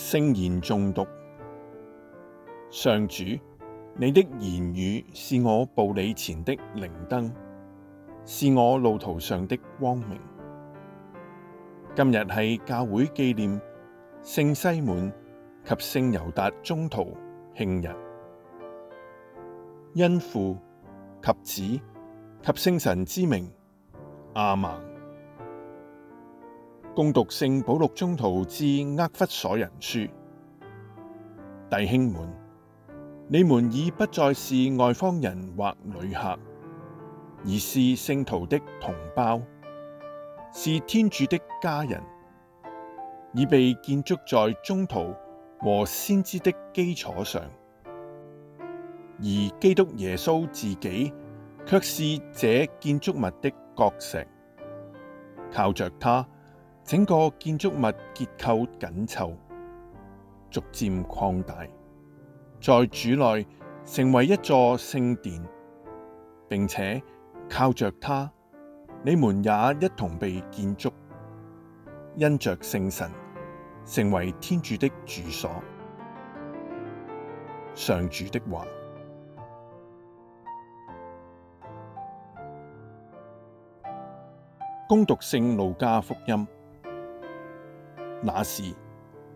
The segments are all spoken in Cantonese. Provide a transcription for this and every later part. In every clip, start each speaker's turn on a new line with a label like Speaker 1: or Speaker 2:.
Speaker 1: 聖言誦讀，上主，你的言語是我步履前的靈燈，是我路途上的光明。今日係教會紀念聖西滿及聖猶達宗徒慶日，因父及子及聖神之名，阿門。恭讀聖保祿宗徒致厄弗所人書，弟兄們，你們已不再是外方人或旅客，而是聖徒的同胞，是天主的家人，已被建築在宗徒和先知的基礎上，而基督耶穌自己卻是這建築物的角石，靠着他。整個建築物結構緊湊，逐漸擴大，在主內成為一座聖殿，並且靠着他，你們也一同被建築，因着聖神成為天主的住所。上主的話，恭讀聖路加福音。那時，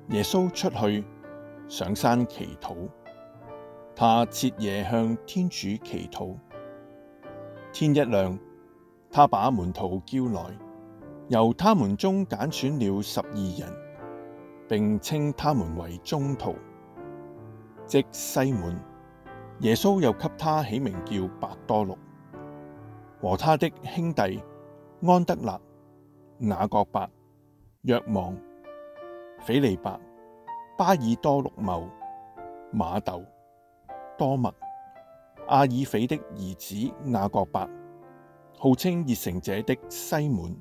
Speaker 1: 耶穌出去，上山祈禱。他徹夜向天主祈禱。天一亮，他把門徒叫來，由他們中揀選了十二人，並稱他們為宗徒，即西滿。耶穌又給他起名叫伯多祿，和他的兄弟安德肋、雅各伯、若望。斐理伯、巴爾多祿茂、馬竇、多默、阿耳斐的兒子雅各伯，號稱熱誠者的西滿、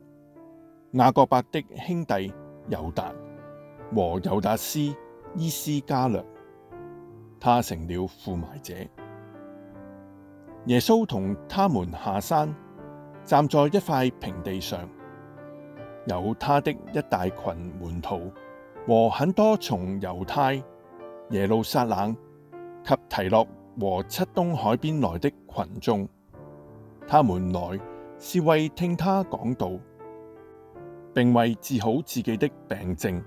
Speaker 1: 雅各伯的兄弟猶達和猶達斯依斯加略，他成了負賣者。耶穌同他們下山，站在一塊平地上，有他的一大群門徒。和很多從猶太、耶路撒冷及提洛和漆冬海邊來的群眾，他們來是為聽他講道，並為治好自己的病症。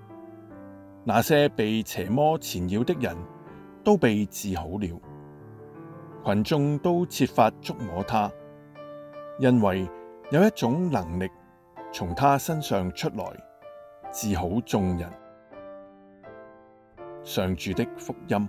Speaker 1: 那些被邪魔纏擾的人都被治好了，群眾都設法觸摸他，因為有一種能力從他身上出來，治好眾人。上主的福音。